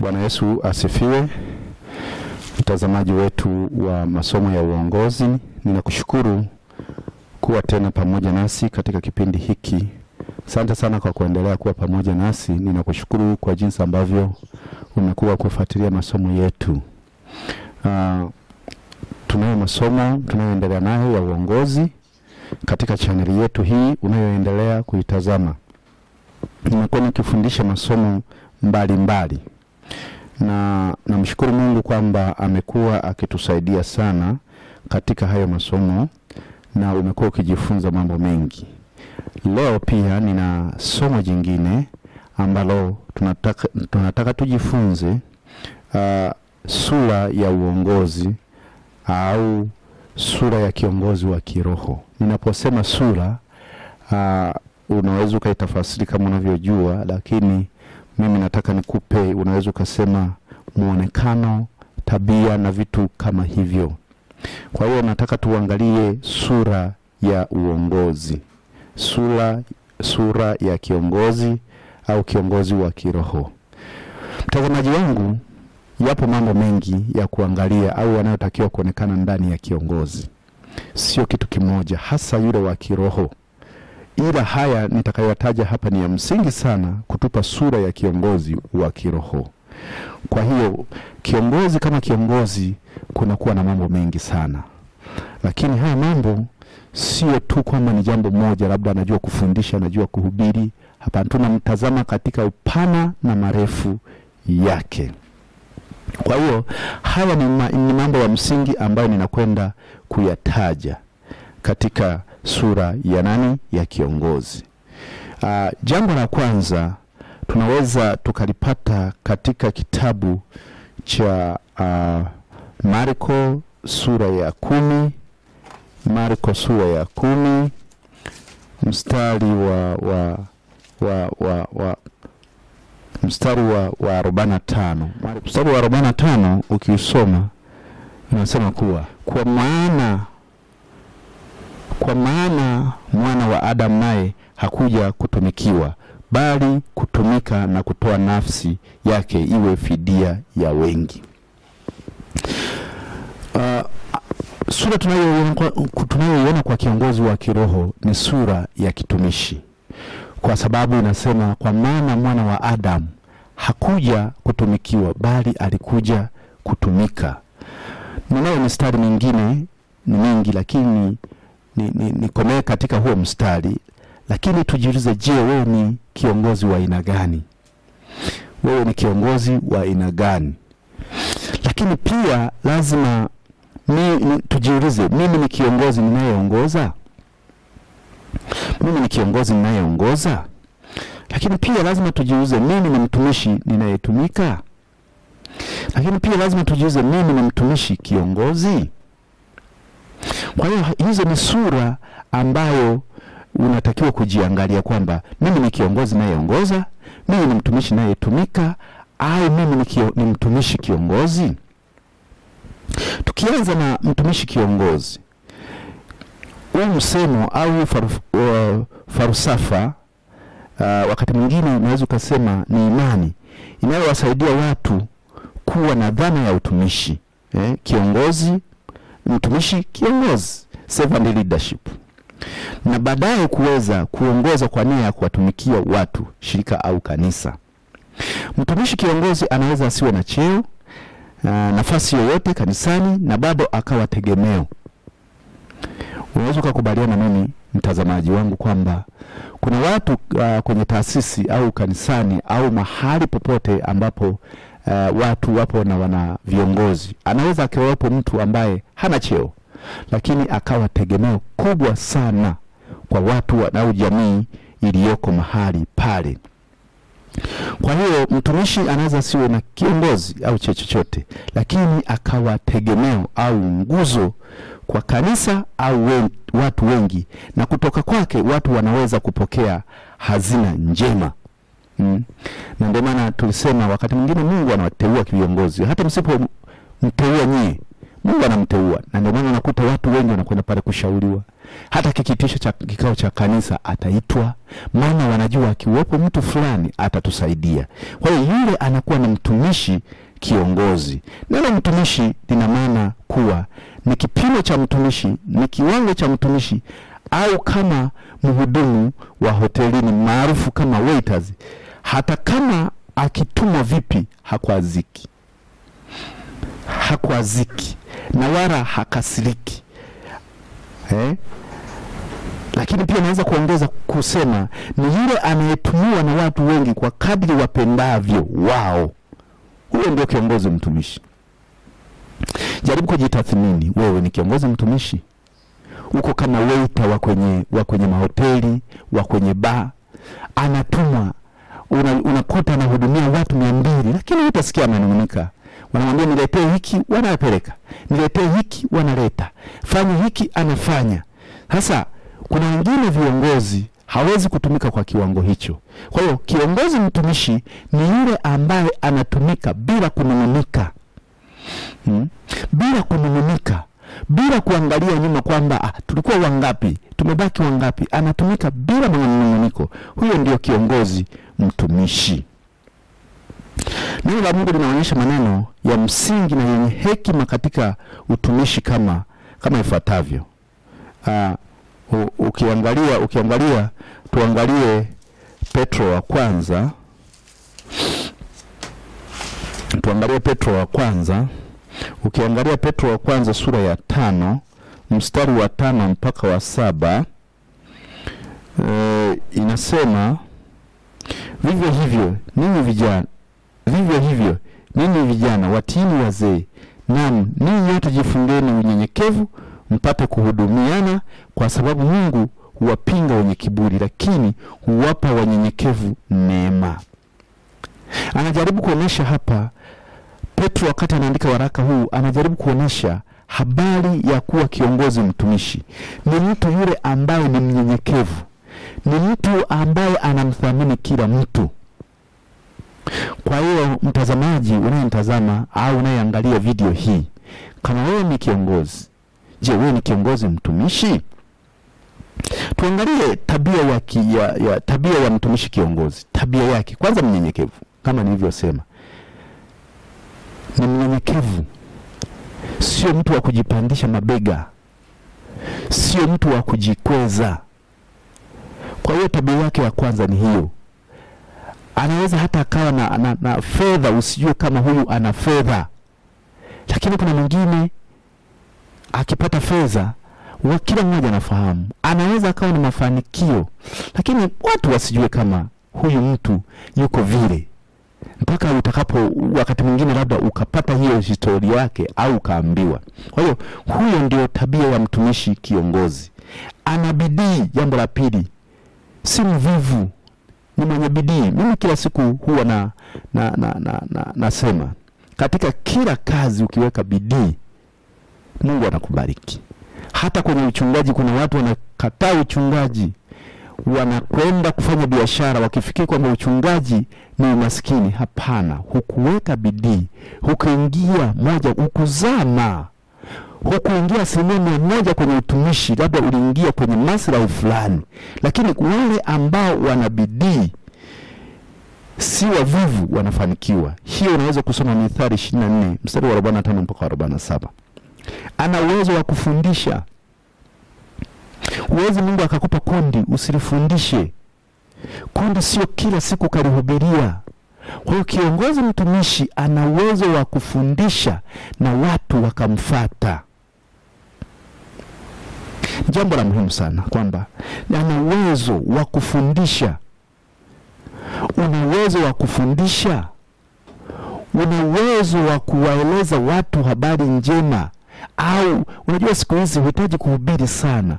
Bwana Yesu asifiwe. Mtazamaji wetu wa masomo ya uongozi, ninakushukuru kuwa tena pamoja nasi katika kipindi hiki. Asante sana kwa kuendelea kuwa pamoja nasi. Ninakushukuru kwa jinsi ambavyo umekuwa kufuatilia masomo yetu. Uh, tunayo masomo tunayoendelea nayo ya uongozi katika chaneli yetu hii unayoendelea kuitazama. Nimekuwa nikifundisha masomo mbalimbali mbali na namshukuru Mungu kwamba amekuwa akitusaidia sana katika hayo masomo na umekuwa ukijifunza mambo mengi. Leo pia nina somo jingine ambalo tunataka, tunataka tujifunze uh, sura ya uongozi au sura ya kiongozi wa kiroho. Ninaposema sura uh, unaweza ukaitafasiri kama unavyojua, lakini mimi nataka nikupe, unaweza ukasema mwonekano, tabia na vitu kama hivyo. Kwa hiyo nataka tuangalie sura ya uongozi, sura, sura ya kiongozi au kiongozi wa kiroho. Mtazamaji wangu, yapo mambo mengi ya kuangalia au yanayotakiwa kuonekana ndani ya kiongozi, sio kitu kimoja, hasa yule wa kiroho ila haya nitakayoyataja hapa ni ya msingi sana kutupa sura ya kiongozi wa kiroho. Kwa hiyo kiongozi kama kiongozi, kunakuwa na mambo mengi sana, lakini haya mambo sio tu kwamba ni jambo moja, labda anajua kufundisha, anajua kuhubiri. Hapana, tunamtazama katika upana na marefu yake. Kwa hiyo haya ni, ma, ni mambo ya msingi ambayo ninakwenda kuyataja katika sura ya nani? Ya kiongozi. Uh, jambo la kwanza tunaweza tukalipata katika kitabu cha uh, Marko sura ya kumi Marko sura ya kumi mstari wa wa wa wa, wa mstari wa wa arobaini na tano mstari wa arobaini na tano ukiusoma unasema kuwa kwa maana kwa maana mwana wa Adamu naye hakuja kutumikiwa, bali kutumika na kutoa nafsi yake iwe fidia ya wengi. Uh, sura tunayoiona kwa kiongozi wa kiroho ni sura ya kitumishi, kwa sababu inasema, kwa maana mwana wa Adamu hakuja kutumikiwa, bali alikuja kutumika. Ninayo mistari mingine ni mingi, lakini nikomee ni, ni katika huo mstari, lakini tujiulize, je, wewe ni kiongozi wa aina gani? Wewe ni kiongozi wa aina gani? Lakini pia lazima mi, tujiulize, mimi ni kiongozi ninayeongoza? Mimi ni kiongozi ninayeongoza? Lakini pia lazima tujiulize, mimi ni mtumishi ninayetumika? Lakini pia lazima tujiulize, mimi ni mtumishi kiongozi? Kwa hiyo hizo ni sura ambayo unatakiwa kujiangalia kwamba mimi ni kiongozi nayeongoza, mimi ni mtumishi nayetumika, au mimi ni, kio, ni mtumishi kiongozi. Tukianza na mtumishi kiongozi, huu msemo au faru, uh, farusafa uh, wakati mwingine unaweza ukasema ni imani inayowasaidia watu kuwa na dhana ya utumishi eh, kiongozi mtumishi kiongozi, servant leadership, na baadaye kuweza kuongozwa kwa nia ya kuwatumikia watu, shirika au kanisa. Mtumishi kiongozi anaweza asiwe na cheo nafasi yoyote kanisani na bado akawa tegemeo. Unaweza ukakubaliana mimi mtazamaji wangu kwamba kuna watu uh, kwenye taasisi au kanisani au mahali popote ambapo uh, watu wapo na wana viongozi. Anaweza akiwepo mtu ambaye hana cheo, lakini akawa tegemeo kubwa sana kwa watu au jamii iliyoko mahali pale. Kwa hiyo mtumishi anaweza siwe na kiongozi au cheo chochote, lakini akawa tegemeo au nguzo kwa kanisa au we, watu wengi, na kutoka kwake watu wanaweza kupokea hazina njema mm. na ndio maana tulisema wakati mwingine Mungu anawateua viongozi, hata msipomteua nyie Mungu anamteua, na ndio maana unakuta watu wengi wanakwenda pale kushauriwa. Hata kikitisho cha kikao cha kanisa ataitwa, maana wanajua akiwepo mtu fulani atatusaidia. Kwa hiyo yule anakuwa ni mtumishi kiongozi. Neno mtumishi lina maana kuwa ni kipimo cha mtumishi, ni kiwango cha mtumishi, au kama mhudumu wa hotelini maarufu kama waiters, hata kama akitumwa vipi hakuaziki, hakuaziki na wala hakasiriki eh? Lakini pia naweza kuongeza kusema ni yule anayetumiwa na watu wengi kwa kadri wapendavyo wao, huyo ndio kiongozi mtumishi. Jaribu kujitathmini, wewe ni kiongozi mtumishi? Uko kama waiter wa kwenye wa kwenye mahoteli wa kwenye baa, anatumwa unakuta una anahudumia watu mia mbili, lakini utasikia amenung'unika. Wanamwambia niletee hiki, wanapeleka, niletee hiki, wanaleta, fanya hiki, anafanya. Sasa kuna wengine viongozi hawezi kutumika kwa kiwango hicho. Kwa hiyo kiongozi mtumishi ni yule ambaye anatumika bila kunung'unika, hmm? bila kunung'unika bila kuangalia nyuma kwamba ah, tulikuwa wangapi, tumebaki wangapi. Anatumika bila manung'uniko. Huyo ndio kiongozi mtumishi. Neno la Mungu linaonyesha maneno ya msingi na yenye hekima katika utumishi kama kama ifuatavyo. Ah, ukiangalia ukiangalia tuangalie Petro wa kwanza tuangalie Petro wa kwanza. Ukiangalia Petro wa kwanza sura ya tano mstari wa tano mpaka wa saba e, inasema Vivyo hivyo ninyi vijana, vivyo hivyo ninyi vijana watini wazee. nam ninyi yote jifundeni unyenyekevu, mpate kuhudumiana, kwa sababu Mungu huwapinga wenye kiburi, lakini huwapa wanyenyekevu neema. Anajaribu kuonesha hapa Petro, wakati anaandika waraka huu, anajaribu kuonesha habari ya kuwa kiongozi mtumishi ni mtu yule ambaye ni mnyenyekevu ni mtu ambaye anamthamini kila mtu. Kwa hiyo mtazamaji unayemtazama au unayeangalia video hii, kama wewe ni kiongozi, je, wewe ni kiongozi mtumishi? Tuangalie tabia ya, ki, ya, ya tabia ya mtumishi kiongozi, tabia yake. Kwanza, mnyenyekevu, kama nilivyosema, ni mnyenyekevu, sio mtu wa kujipandisha mabega, sio mtu wa kujikweza. Kwa hiyo tabia yake ya kwanza ni hiyo. Anaweza hata akawa na, na, na fedha, usijue kama huyu ana fedha, lakini kuna mwingine akipata fedha wa kila mmoja anafahamu, anaweza akawa na mafanikio, lakini watu wasijue kama huyu mtu yuko vile, mpaka utakapo wakati mwingine labda ukapata hiyo historia yake au ukaambiwa. Kwa hiyo huyo ndio tabia ya mtumishi kiongozi, ana bidii. Jambo la pili si mvivu, ni mwenye bidii. Mimi kila siku huwa na, na, na, na, na nasema katika kila kazi ukiweka bidii Mungu anakubariki. Hata kwenye uchungaji kuna watu wanakataa uchungaji, wanakwenda kufanya biashara wakifikiri kwamba uchungaji ni umaskini. Hapana, hukuweka bidii, hukuingia moja, hukuzama hukuingia asilimia mia moja kwenye utumishi, labda uliingia kwenye maslahi fulani, lakini wale ambao wana bidii si wavivu wanafanikiwa. Hiyo unaweza kusoma Mithali 24 mstari wa 45 mpaka 47. Ana uwezo wa kufundisha. Uwezi Mungu akakupa kundi usilifundishe. Kundi sio kila siku kalihubiria. Kwa hiyo kiongozi mtumishi ana uwezo wa kufundisha na watu wakamfata jambo la muhimu sana kwamba ana uwezo wa kufundisha. Una uwezo wa kufundisha, una uwezo wa kuwaeleza watu habari njema. Au unajua siku hizi huhitaji kuhubiri sana,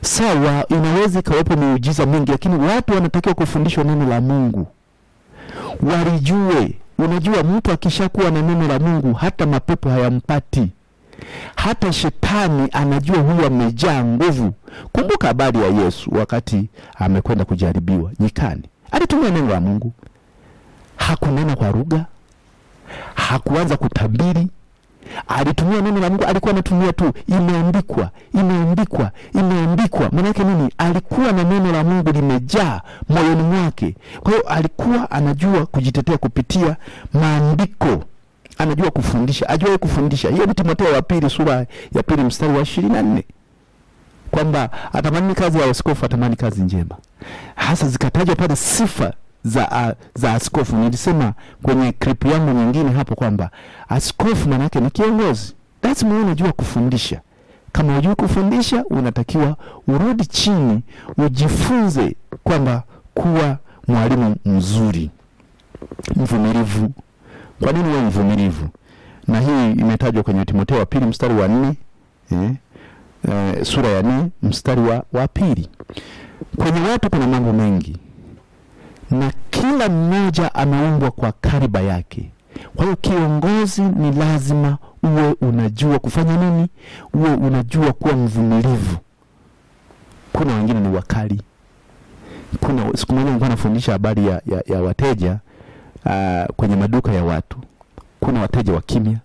sawa. Inaweza ikawepo miujiza mingi, lakini watu wanatakiwa kufundishwa neno la Mungu walijue. Unajua, mtu akishakuwa na neno la Mungu hata mapepo hayampati hata shetani anajua huyu amejaa nguvu. Kumbuka habari ya Yesu wakati amekwenda kujaribiwa nyikani, alitumia neno la Mungu, hakunena kwa lugha, hakuanza kutabiri alitumia neno la Mungu, alikuwa anatumia tu imeandikwa, imeandikwa, imeandikwa. Maana yake nini? Alikuwa na neno la Mungu limejaa moyoni mwake, kwa hiyo alikuwa anajua kujitetea kupitia maandiko anajua kufundisha, ajua kufundisha. Hiyo ni Timotheo wa pili sura ya pili mstari wa ishirini na nne kwamba atamani kazi ya askofu, atamani kazi njema. Hasa zikatajwa pale sifa za, za askofu. Nilisema kwenye clip yangu nyingine hapo kwamba askofu maana yake ni kiongozi, lazima unajua kufundisha. Kama unajua kufundisha, unatakiwa urudi chini ujifunze kwamba kuwa mwalimu mzuri, mvumilivu kwa nini uwe mvumilivu? Na hii imetajwa kwenye Timotheo wa pili mstari wa nne eh, eh, sura ya nne mstari wa, wa pili. Kwenye watu kuna mambo mengi na kila mmoja ameumbwa kwa kariba yake. Kwa hiyo kiongozi ni lazima uwe unajua kufanya nini, uwe unajua kuwa mvumilivu. Kuna wengine ni wakali. Kuna siku moja nilikuwa nafundisha habari ya, ya, ya wateja uh, kwenye maduka ya watu, kuna wateja wa kimya,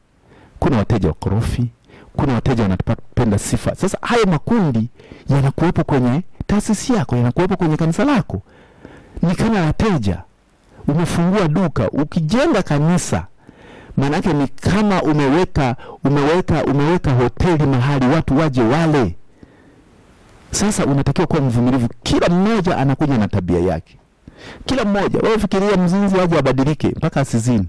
kuna wateja wa korofi, kuna wateja wanapenda sifa. Sasa hayo makundi yanakuwepo kwenye taasisi yako, yanakuwepo kwenye kanisa lako, ni kama wateja. Umefungua duka, ukijenga kanisa maanake ni kama umeweka umeweka umeweka hoteli mahali watu waje wale. Sasa unatakiwa kuwa mvumilivu, kila mmoja anakuja na tabia yake. Kila mmoja wao fikiria mzinzi aje abadilike mpaka asizini.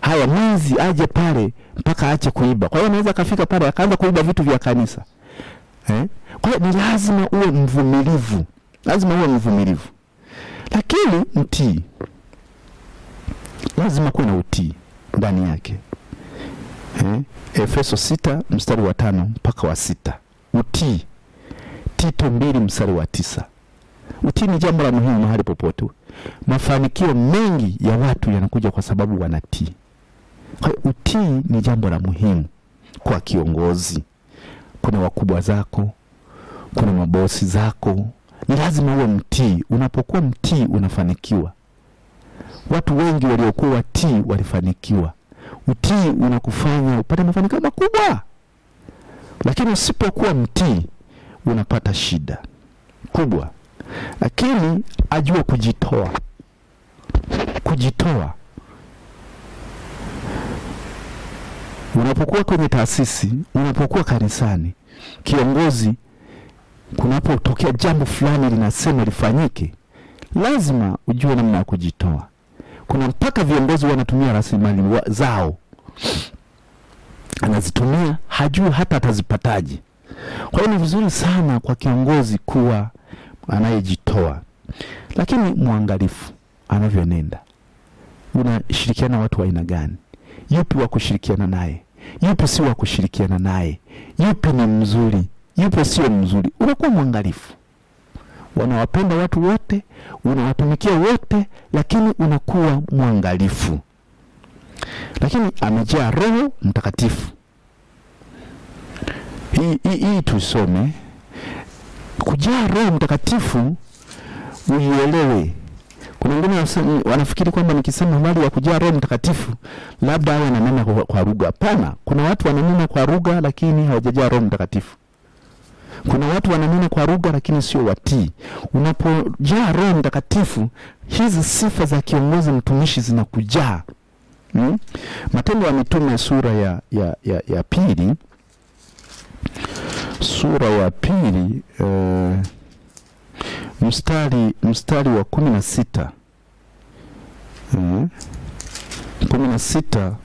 Haya, mwizi aje pale mpaka aache kuiba. Kwa hiyo anaweza kafika pale akaanza kuiba vitu vya kanisa eh? Kwa hiyo ni lazima uwe mvumilivu, lazima uwe mvumilivu, lakini mtii, lazima kuwe na utii ndani yake eh? Efeso sita mstari wa tano mpaka wa sita utii. Tito mbili mstari wa tisa Utii ni jambo la muhimu mahali popote. Mafanikio mengi ya watu yanakuja kwa sababu wanatii. Kwa hiyo utii ni jambo la muhimu kwa kiongozi. Kuna wakubwa zako, kuna mabosi zako, ni lazima uwe mtii. Unapokuwa mtii unafanikiwa. Watu wengi waliokuwa watii walifanikiwa. Utii unakufanya upate mafanikio makubwa, lakini usipokuwa mtii unapata shida kubwa lakini ajue kujitoa, kujitoa. Unapokuwa kwenye taasisi, unapokuwa kanisani, kiongozi, kunapotokea jambo fulani linasema lifanyike, lazima ujue namna ya kujitoa. Kuna mpaka viongozi wanatumia rasilimali wa zao, anazitumia hajui hata atazipataje. Kwa hiyo ni vizuri sana kwa kiongozi kuwa anayejitoa, lakini mwangalifu anavyonenda. Unashirikiana watu wa aina gani? Yupi wa kushirikiana naye, yupi si wa kushirikiana naye, yupi ni mzuri, yupi sio mzuri. Unakuwa mwangalifu. Unawapenda watu wote, unawatumikia wote, lakini unakuwa mwangalifu. Lakini amejaa Roho Mtakatifu. Hii hii tusome kujaa Roho Mtakatifu uielewe. Kuna wengine wanafikiri kwamba nikisema mali ya kujaa Roho Mtakatifu labda awe ananena kwa, kwa lugha. Hapana, kuna watu wananena kwa lugha lakini hawajajaa Roho Mtakatifu. Kuna watu wananena kwa lugha lakini sio watii. Unapojaa Roho Mtakatifu, hizi sifa za kiongozi mtumishi zinakujaa. Hmm? Matendo ya Mitume sura ya, ya, ya, ya pili sura ya pili e, mstari, mstari wa kumi na sita eh, kumi na sita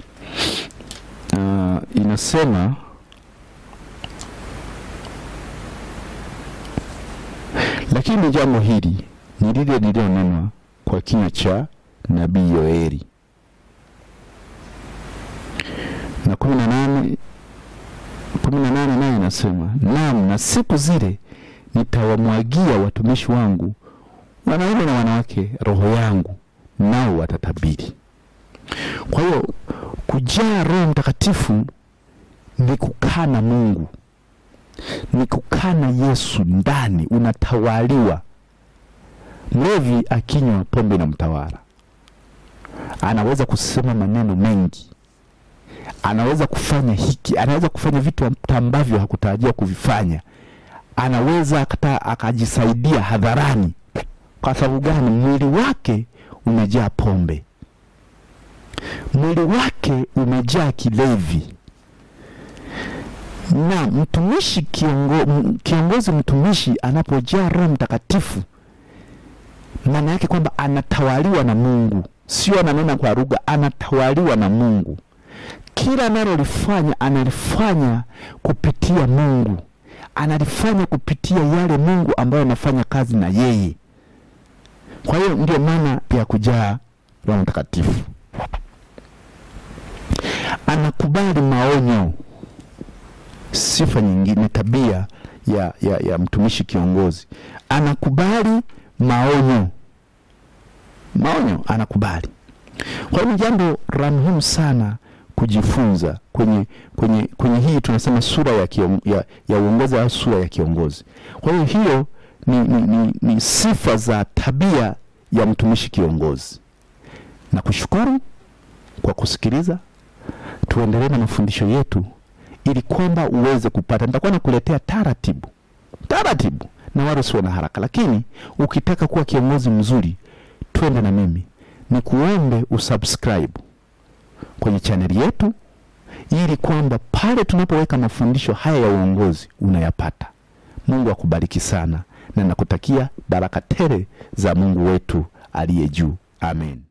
uh, inasema lakini jambo hili ni lile lililonenwa kwa kinywa cha nabii Yoeli na kumi na nane kumi na nane naye inasema nam na siku zile nitawamwagia watumishi wangu wanaume na wanawake roho yangu, nao watatabiri. Kwa hiyo kujaa Roho Mtakatifu ni kukana Mungu, ni kukana Yesu ndani, unatawaliwa. Mlevi akinywa pombe na mtawala, anaweza kusema maneno mengi anaweza kufanya hiki, anaweza kufanya vitu ambavyo hakutarajia kuvifanya, anaweza akata akajisaidia hadharani. Kwa sababu gani? Mwili wake umejaa pombe, mwili wake umejaa kilevi na mtumishi kiongo, kiongozi mtumishi anapojaa Roho Mtakatifu, maana yake kwamba anatawaliwa na Mungu, sio ananena kwa lugha, anatawaliwa na Mungu kila analolifanya analifanya kupitia Mungu, analifanya kupitia yale Mungu ambayo anafanya kazi na yeye. Kwa hiyo ndiyo maana ya kujaa Roho Mtakatifu. Anakubali maonyo, sifa nyingine, tabia ya, ya, ya mtumishi kiongozi, anakubali maonyo, maonyo anakubali. Kwa hiyo ni jambo la muhimu sana kujifunza kwenye, kwenye, kwenye hii tunasema sura ya, ya, ya uongozi au sura ya kiongozi. Kwa hiyo hiyo ni, ni, ni, ni sifa za tabia ya mtumishi kiongozi. Na kushukuru kwa kusikiliza, tuendelee na mafundisho yetu ili kwamba uweze kupata. Nitakuwa nakuletea taratibu taratibu, na wala sio na haraka, lakini ukitaka kuwa kiongozi mzuri, twende na mimi nikuombe usubscribe kwenye chaneli yetu, ili kwamba pale tunapoweka mafundisho haya ya uongozi unayapata. Mungu akubariki sana na nakutakia baraka tele za Mungu wetu aliye juu. Amen.